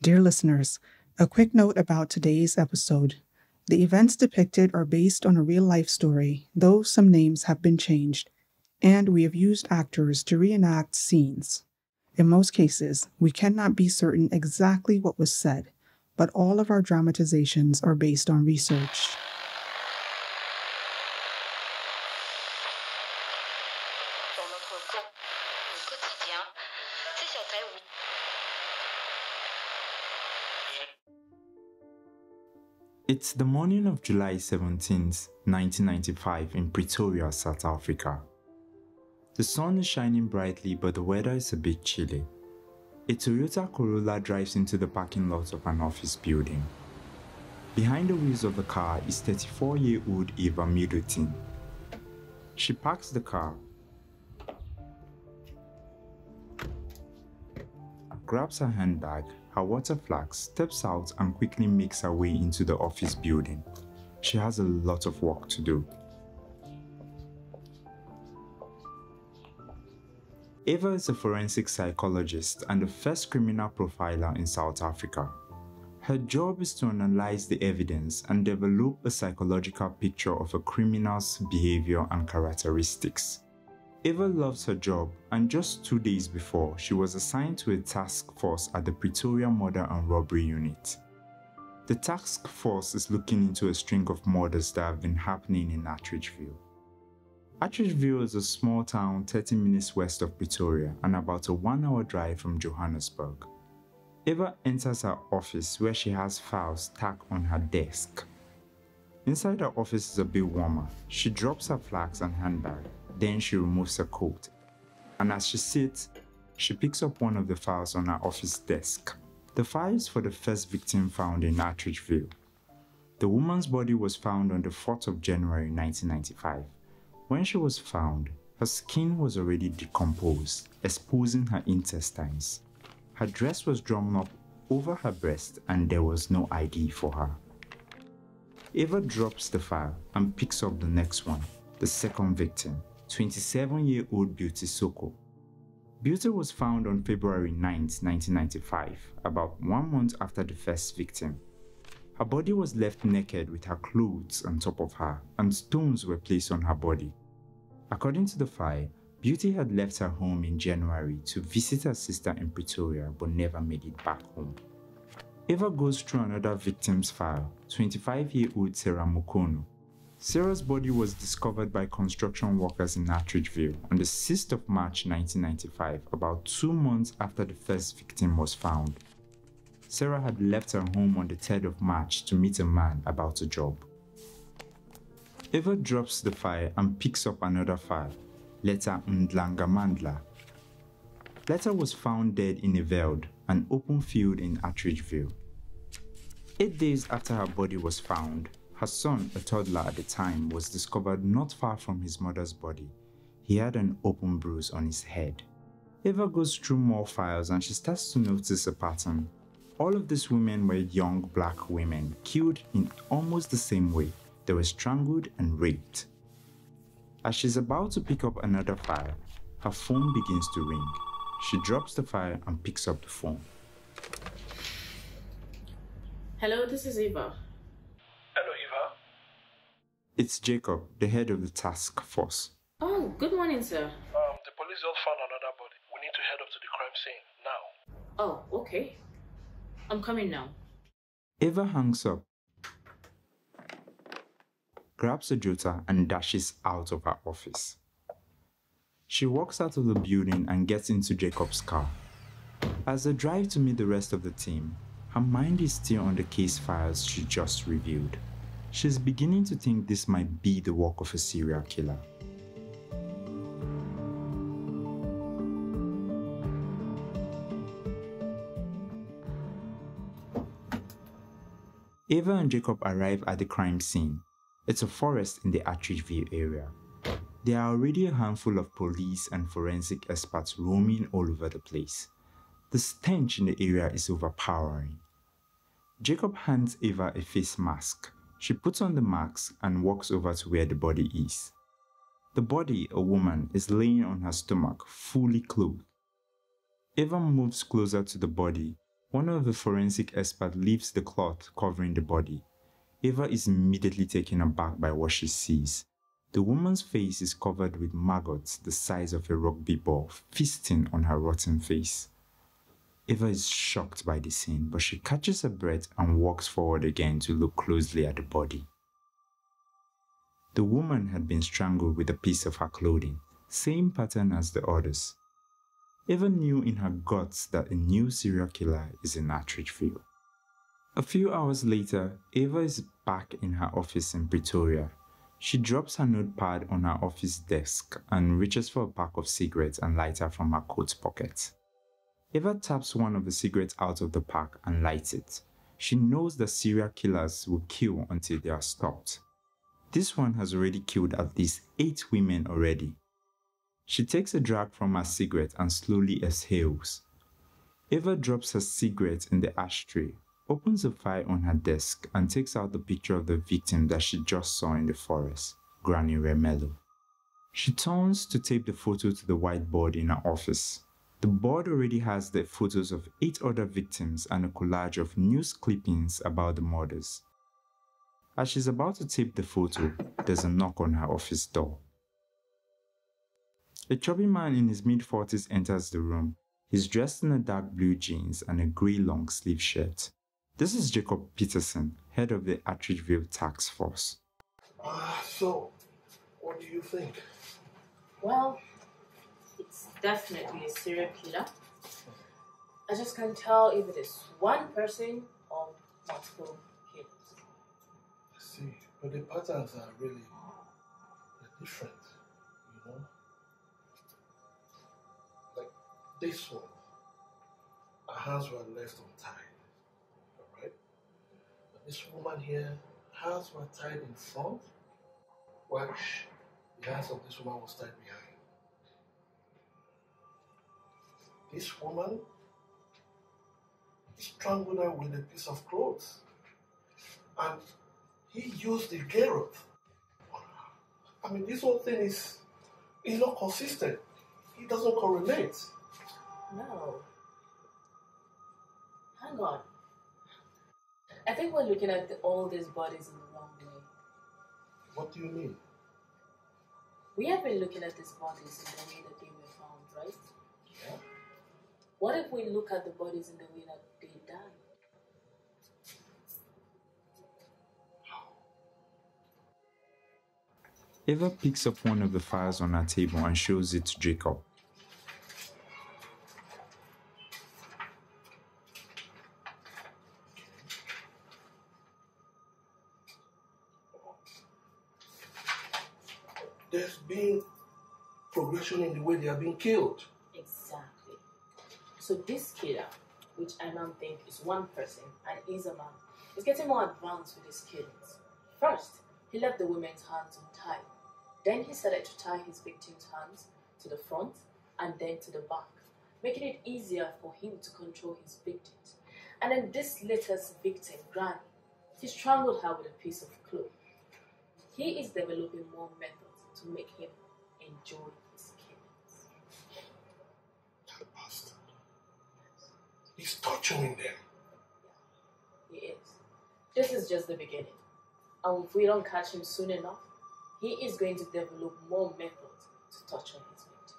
Dear listeners, a quick note about today's episode. The events depicted are based on a real life story, though some names have been changed, and we have used actors to reenact scenes. In most cases, we cannot be certain exactly what was said, but all of our dramatizations are based on research. It's the morning of July 17, 1995 in Pretoria, South Africa. The sun is shining brightly but the weather is a bit chilly. A Toyota Corolla drives into the parking lot of an office building. Behind the wheels of the car is 34-year-old Eva Middleton. She parks the car, grabs her handbag her water flask steps out and quickly makes her way into the office building. She has a lot of work to do. Eva is a forensic psychologist and the first criminal profiler in South Africa. Her job is to analyze the evidence and develop a psychological picture of a criminal's behavior and characteristics. Eva loves her job and just two days before, she was assigned to a task force at the Pretoria Murder and Robbery Unit. The task force is looking into a string of murders that have been happening in Attridgeville. Attridgeville is a small town 30 minutes west of Pretoria and about a one hour drive from Johannesburg. Eva enters her office where she has files stacked on her desk. Inside her office is a bit warmer. She drops her flags and handbag then she removes her coat. And as she sits, she picks up one of the files on her office desk. The files for the first victim found in Attridgeville. The woman's body was found on the 4th of January 1995. When she was found, her skin was already decomposed, exposing her intestines. Her dress was drawn up over her breast and there was no ID for her. Eva drops the file and picks up the next one, the second victim. 27-year-old Beauty Soko. Beauty was found on February 9, 1995, about one month after the first victim. Her body was left naked with her clothes on top of her and stones were placed on her body. According to the file, Beauty had left her home in January to visit her sister in Pretoria but never made it back home. Eva goes through another victim's file, 25-year-old Sarah Mukono, Sarah's body was discovered by construction workers in Attridgeville on the 6th of March 1995, about two months after the first victim was found. Sarah had left her home on the 3rd of March to meet a man about a job. Eva drops the file and picks up another file, Letta Ndlanga Mandla. Letta was found dead in a veld, an open field in Attridgeville. Eight days after her body was found, her son, a toddler at the time, was discovered not far from his mother's body. He had an open bruise on his head. Eva goes through more files and she starts to notice a pattern. All of these women were young black women, killed in almost the same way. They were strangled and raped. As she's about to pick up another file, her phone begins to ring. She drops the file and picks up the phone. Hello, this is Eva. It's Jacob, the head of the task force. Oh, good morning, sir. Um, the police just found another body. We need to head up to the crime scene now. Oh, okay. I'm coming now. Eva hangs up, grabs a jota, and dashes out of her office. She walks out of the building and gets into Jacob's car. As they drive to meet the rest of the team, her mind is still on the case files she just reviewed. She's beginning to think this might be the work of a serial killer. Ava and Jacob arrive at the crime scene. It's a forest in the View area. There are already a handful of police and forensic experts roaming all over the place. The stench in the area is overpowering. Jacob hands Ava a face mask. She puts on the mask and walks over to where the body is. The body, a woman, is laying on her stomach, fully clothed. Eva moves closer to the body. One of the forensic experts lifts the cloth covering the body. Eva is immediately taken aback by what she sees. The woman's face is covered with maggots the size of a rugby ball, feasting on her rotten face. Eva is shocked by the scene, but she catches her breath and walks forward again to look closely at the body. The woman had been strangled with a piece of her clothing, same pattern as the others. Eva knew in her guts that a new serial killer is in field. A few hours later, Eva is back in her office in Pretoria. She drops her notepad on her office desk and reaches for a pack of cigarettes and lighter from her coat pocket. Eva taps one of the cigarettes out of the pack and lights it. She knows that serial killers will kill until they are stopped. This one has already killed at least 8 women already. She takes a drag from her cigarette and slowly exhales. Eva drops her cigarette in the ashtray, opens a file on her desk, and takes out the picture of the victim that she just saw in the forest, Granny Remelo. She turns to tape the photo to the whiteboard in her office. The board already has the photos of eight other victims and a collage of news clippings about the murders. As she's about to tape the photo, there's a knock on her office door. A chubby man in his mid 40s enters the room. He's dressed in a dark blue jeans and a grey long sleeve shirt. This is Jacob Peterson, head of the Attridgeville Tax Force. Uh, so, what do you think? Well, it's definitely a serial killer. I just can't tell if it is one person or multiple killers. I see, but the patterns are really different, you know? Like this one, her hands were left untied, alright? But this woman here, hands were tied in front, while the hands of this woman was tied behind. This woman strangled her with a piece of clothes. And he used the garrote I mean, this whole thing is, is not consistent. It doesn't correlate. No. Hang on. I think we're looking at the, all these bodies in the wrong way. What do you mean? We have been looking at these bodies in the way that they were found, right? What if we look at the bodies in the way that they died? Eva picks up one of the files on her table and shows it to Jacob. There's been progression in the way they have been killed. Exactly. So this kid, which I now think is one person and is a man, is getting more advanced with his killings. First, he left the women's hands untied. Then he started to tie his victim's hands to the front and then to the back, making it easier for him to control his victims. And then this latest victim, Granny, he strangled her with a piece of cloth. He is developing more methods to make him enjoy He's torturing them. He is. This is just the beginning. And if we don't catch him soon enough, he is going to develop more methods to torture his victims.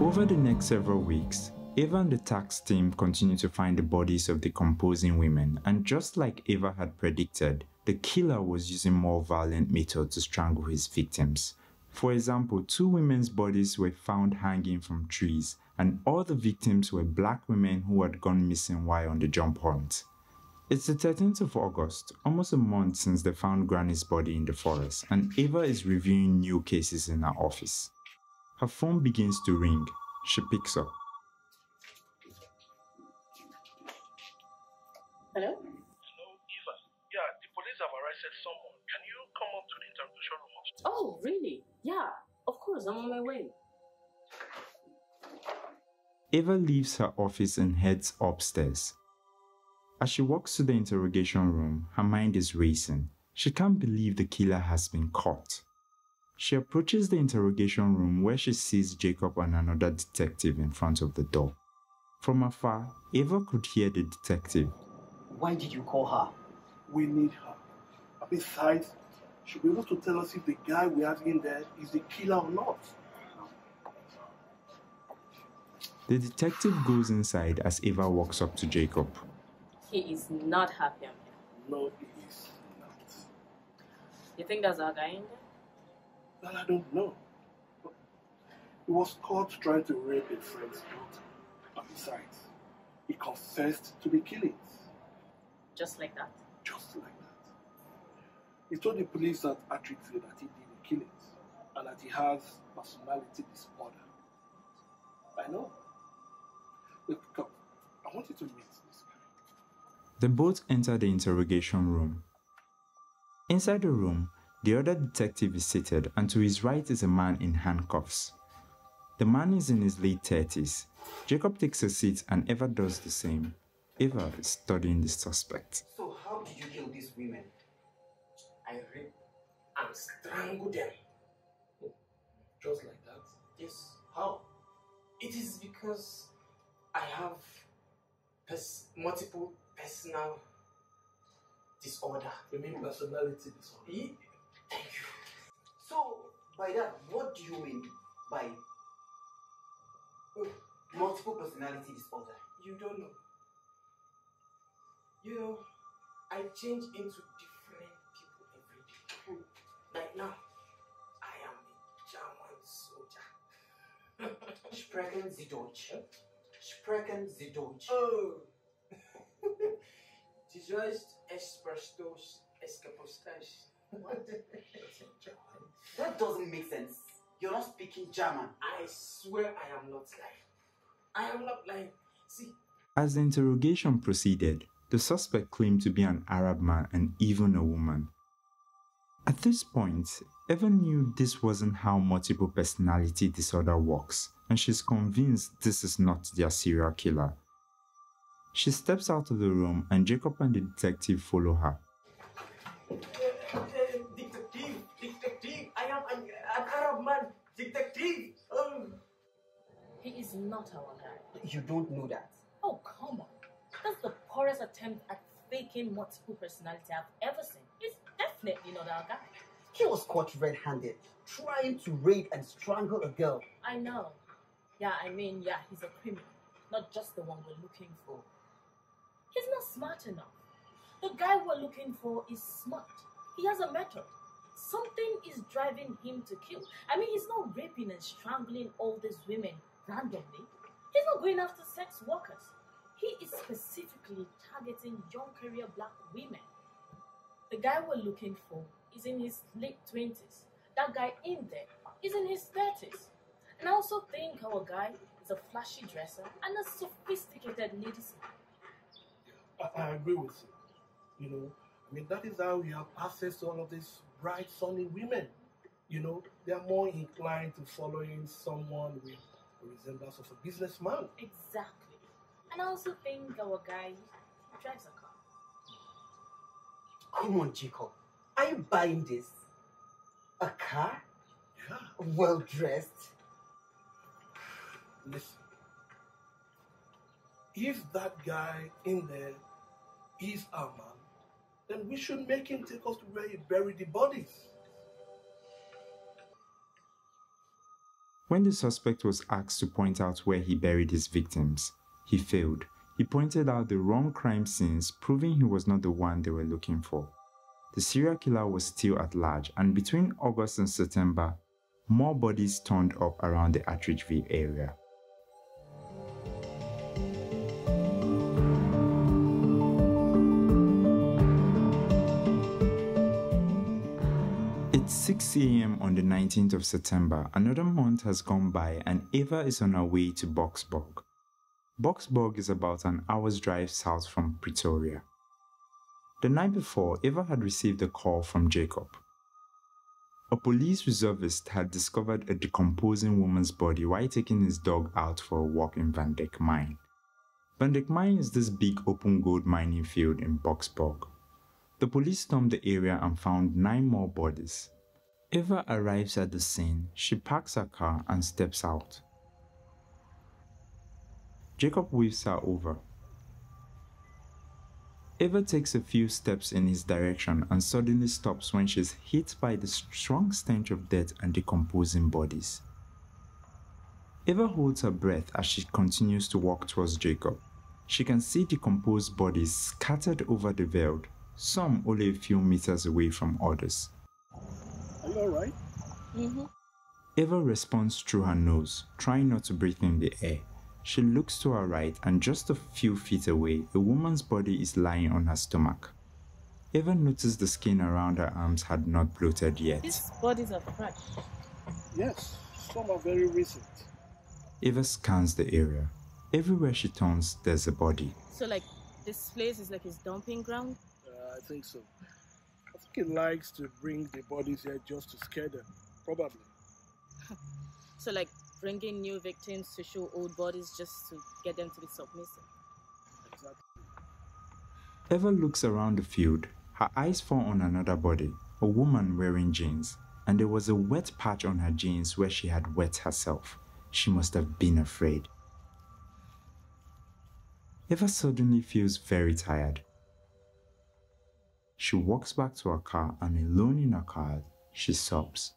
Over the next several weeks, Eva and the tax team continue to find the bodies of the composing women, and just like Eva had predicted, the killer was using more violent methods to strangle his victims. For example, two women's bodies were found hanging from trees, and all the victims were black women who had gone missing while on the jump hunt. It's the 13th of August, almost a month since they found Granny's body in the forest, and Eva is reviewing new cases in her office. Her phone begins to ring. She picks up. Oh, really? Yeah, of course, I'm on my way. Eva leaves her office and heads upstairs. As she walks to the interrogation room, her mind is racing. She can't believe the killer has been caught. She approaches the interrogation room where she sees Jacob and another detective in front of the door. From afar, Eva could hear the detective. Why did you call her? We need her. Besides, should be able to tell us if the guy we have in there is the killer or not. The detective goes inside as Eva walks up to Jacob. He is not happy. No, he is not. You think that's our guy in there? Well, I don't know. But he was caught trying to rape a friend's daughter. but besides, he confessed to the killings. Just like that? He told the police that Atrixville that he did the killings and that he has personality disorder. I know. Look, come. I want you to meet this guy. They both enter the interrogation room. Inside the room, the other detective is seated, and to his right is a man in handcuffs. The man is in his late 30s. Jacob takes a seat, and Eva does the same. Eva is studying the suspect. So, how did you kill these women? I rape and strangle them. Just like that? Yes. How? It is because I have pers multiple personal disorder. You mean personality disorder? Yeah. Thank you. So, by that, what do you mean by multiple personality disorder? You don't know. You know, I change into different Right now, I am a German soldier. Sprechen Sie Deutsch. Sprechen Sie Deutsch. Oh! Du sollst es verstoß, es kapustas. What? That doesn't make sense. You're not speaking German. I swear I am not lying. I am not lying. See. As the interrogation proceeded, the suspect claimed to be an Arab man and even a woman. At this point, Evan knew this wasn't how multiple personality disorder works, and she's convinced this is not their serial killer. She steps out of the room and Jacob and the detective follow her. Detective, detective, I am an, Arab man, detective. Um. He is not our guy. You don't know that. Oh, come on. That's the poorest attempt at faking multiple personality I've ever seen guy. He was caught red-handed, trying to rape and strangle a girl. I know. Yeah, I mean, yeah, he's a criminal, not just the one we're looking for. He's not smart enough. The guy we're looking for is smart. He has a method. Something is driving him to kill. I mean, he's not raping and strangling all these women randomly. He's not going after sex workers. He is specifically targeting young career black women the guy we're looking for is in his late 20s. That guy in there is in his 30s. And I also think our guy is a flashy dresser and a sophisticated ladies man. I, I agree with you. You know, I mean, that is how we have access to all of these bright, sunny women. You know, they are more inclined to following someone with a resemblance of a businessman. Exactly. And I also think our guy drives a car. Come on, Jacob. Are you buying this? A car? Yeah. Well dressed? Listen. If that guy in there is our man, then we should make him take us to where he buried the bodies. When the suspect was asked to point out where he buried his victims, he failed. He pointed out the wrong crime scenes, proving he was not the one they were looking for. The serial killer was still at large, and between August and September, more bodies turned up around the Attridgeville area. It's 6 am on the 19th of September, another month has gone by and Eva is on her way to Boxburg. Boxburg is about an hour's drive south from Pretoria. The night before, Eva had received a call from Jacob. A police reservist had discovered a decomposing woman's body while taking his dog out for a walk in Van Dyck Mine. Van Dyck Mine is this big open gold mining field in Boxburg. The police stormed the area and found nine more bodies. Eva arrives at the scene, she parks her car and steps out. Jacob waves her over. Eva takes a few steps in his direction and suddenly stops when she's hit by the strong stench of death and decomposing bodies. Eva holds her breath as she continues to walk towards Jacob. She can see decomposed bodies scattered over the veld, some only a few meters away from others. Are you alright? Mm-hmm. Eva responds through her nose, trying not to breathe in the air. She looks to her right and just a few feet away, a woman's body is lying on her stomach. Eva noticed the skin around her arms had not bloated yet. These bodies are fresh. Yes, some are very recent. Eva scans the area. Everywhere she turns, there's a body. So, like, this place is like his dumping ground? Uh, I think so. I think he likes to bring the bodies here just to scare them, probably. so, like, bringing new victims to show old bodies just to get them to be submissive. Exactly. looks around the field. Her eyes fall on another body, a woman wearing jeans, and there was a wet patch on her jeans where she had wet herself. She must have been afraid. Eva suddenly feels very tired. She walks back to her car and alone in her car, she sobs.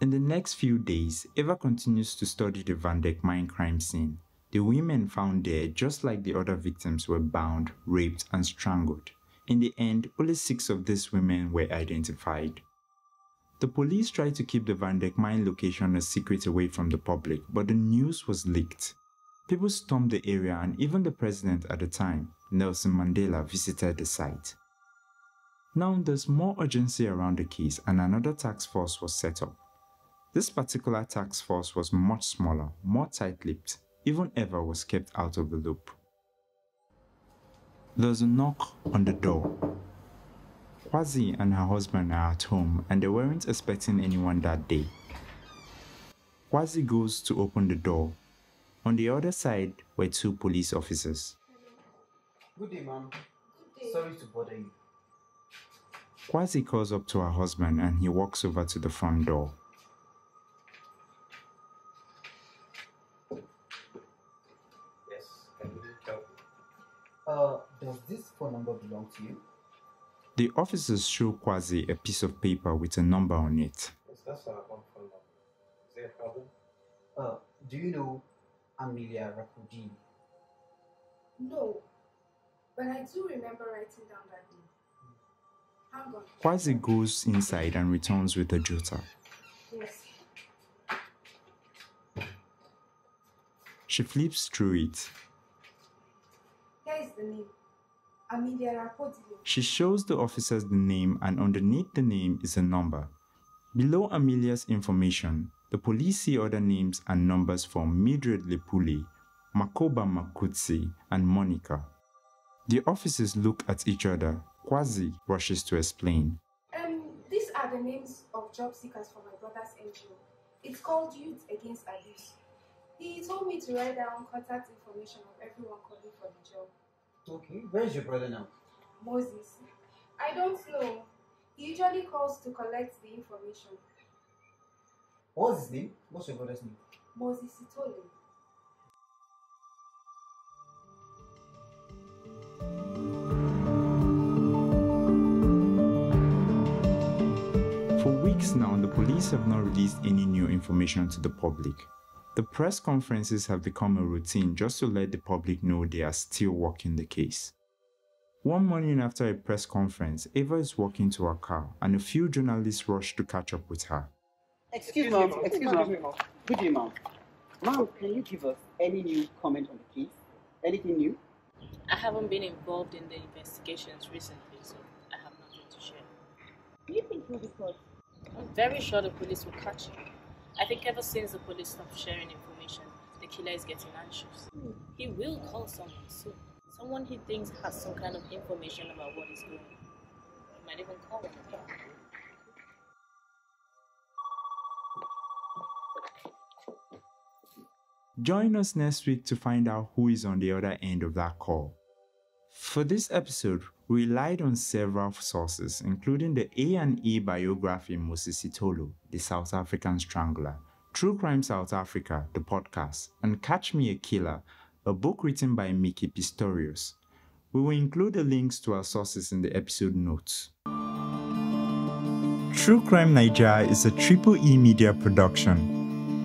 In the next few days, Eva continues to study the Van Dyck mine crime scene. The women found there, just like the other victims, were bound, raped, and strangled. In the end, only six of these women were identified. The police tried to keep the Van Dyck mine location a secret away from the public, but the news was leaked. People stormed the area and even the president at the time, Nelson Mandela, visited the site. Now there's more urgency around the case and another task force was set up. This particular task force was much smaller, more tight-lipped, even Eva was kept out of the loop. There's a knock on the door. Quasi and her husband are at home and they weren't expecting anyone that day. Quasi goes to open the door. On the other side were two police officers. Good day, ma'am. Sorry to bother you. Quasi calls up to her husband and he walks over to the front door. Uh, does this phone number belong to you? The officers show Quasi a piece of paper with a number on it. Yes, that's our phone number. Is there a problem? Uh, do you know Amelia Rakudi? No, but I do remember writing down that name. Hang on. Quasi goes inside and returns with a jotter. Yes. She flips through it the name? She shows the officers the name, and underneath the name is a number. Below Amelia's information, the police see other names and numbers for Mildred Lepule, Makoba Makutsi, and Monica. The officers look at each other. Kwazi rushes to explain. Um, these are the names of job seekers for my brother's NGO. It's called Youth Against Abuse. He told me to write down contact information of everyone calling for the job. Okay, where's your brother now? Moses. I don't know. He usually calls to collect the information. What's his name? What's your brother's name? Moses Itole. For weeks now, the police have not released any new information to the public. The press conferences have become a routine just to let the public know they are still working the case. One morning after a press conference, Eva is walking to her car and a few journalists rush to catch up with her. Excuse, me, excuse me, good day, ma'am. Ma'am, can you give us any new comment on the case? Anything new? I haven't been involved in the investigations recently, so I have nothing to share. Do you think you'll be caught? I'm very sure the police will catch you. I think ever since the police stopped sharing information, the killer is getting anxious. He will call someone soon. Someone he thinks has some kind of information about what is going on. He might even call him. Join us next week to find out who is on the other end of that call. For this episode, relied on several sources, including the A&E biography Moses Sitolo, The South African Strangler, True Crime South Africa, the podcast, and Catch Me a Killer, a book written by Mickey Pistorius. We will include the links to our sources in the episode notes. True Crime Nigeria is a Triple E Media production.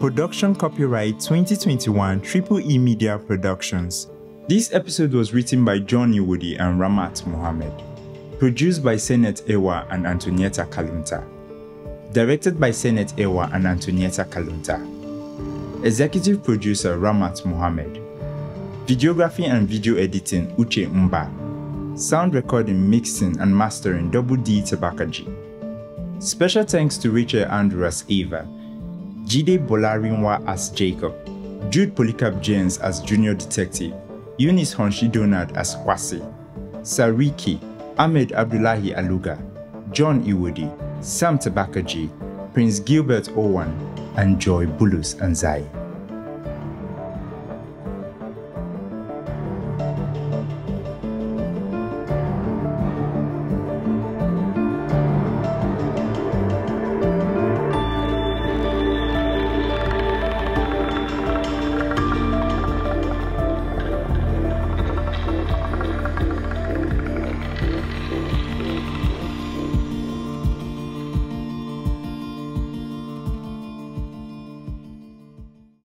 Production copyright 2021 Triple E Media Productions. This episode was written by John Iwudi and Ramat Mohammed, produced by Senet Ewa and Antonietta Kalunta, directed by Senet Ewa and Antonietta Kalunta, executive producer Ramat Mohammed, videography and video editing Uche Umba, sound recording, mixing and mastering Double D Tabakaji. Special thanks to Richard Andrew as Eva, Jide Bolarinwa as Jacob, Jude Polikap James as Junior Detective, Eunice Honshi Donald as Kwasi, Sariki, Ahmed Abdullahi Aluga, John Iwodi, Sam Tabakaji, Prince Gilbert Owen, and Joy Bulus Anzai.